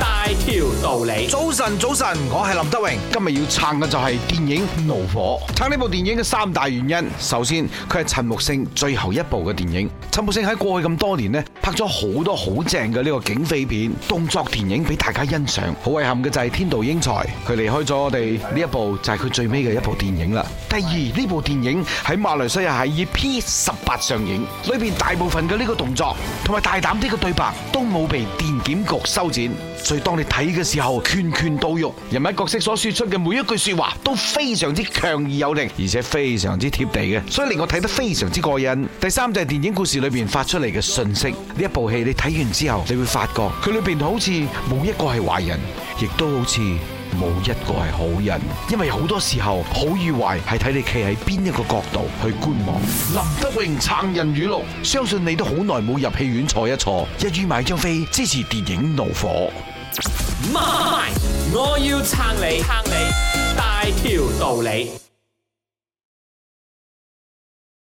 大條道理，早晨，早晨，我係林德榮，今日要撐嘅就係電影《怒火》。撐呢部電影嘅三大原因，首先佢係陳木勝最後一部嘅電影。陳木勝喺過去咁多年呢，拍咗好多好正嘅呢個警匪片、動作電影俾大家欣賞。好遺憾嘅就係天妒英才離，佢離開咗我哋，呢一部就係佢最尾嘅一部電影啦。第二，呢部電影喺馬來西亞係以 P 十八上映，裏邊大部分嘅呢個動作同埋大膽啲嘅對白都冇被電檢局修剪。所以當你睇嘅時候，拳拳到肉，人物角色所說出嘅每一句說話都非常之強而有力，而且非常之貼地嘅，所以令我睇得非常之過癮。第三就係、是、電影故事裏面發出嚟嘅訊息，呢一部戲你睇完之後，你會發覺佢裏邊好似冇一個係壞人，亦都好似冇一個係好人，因為好多時候好與壞係睇你企喺邊一個角度去觀望。林德榮撐人語錄，相信你都好耐冇入戲院坐一坐，一於買張飛支持電影《怒火》。媽咪，我要撐你，撐你大條道理。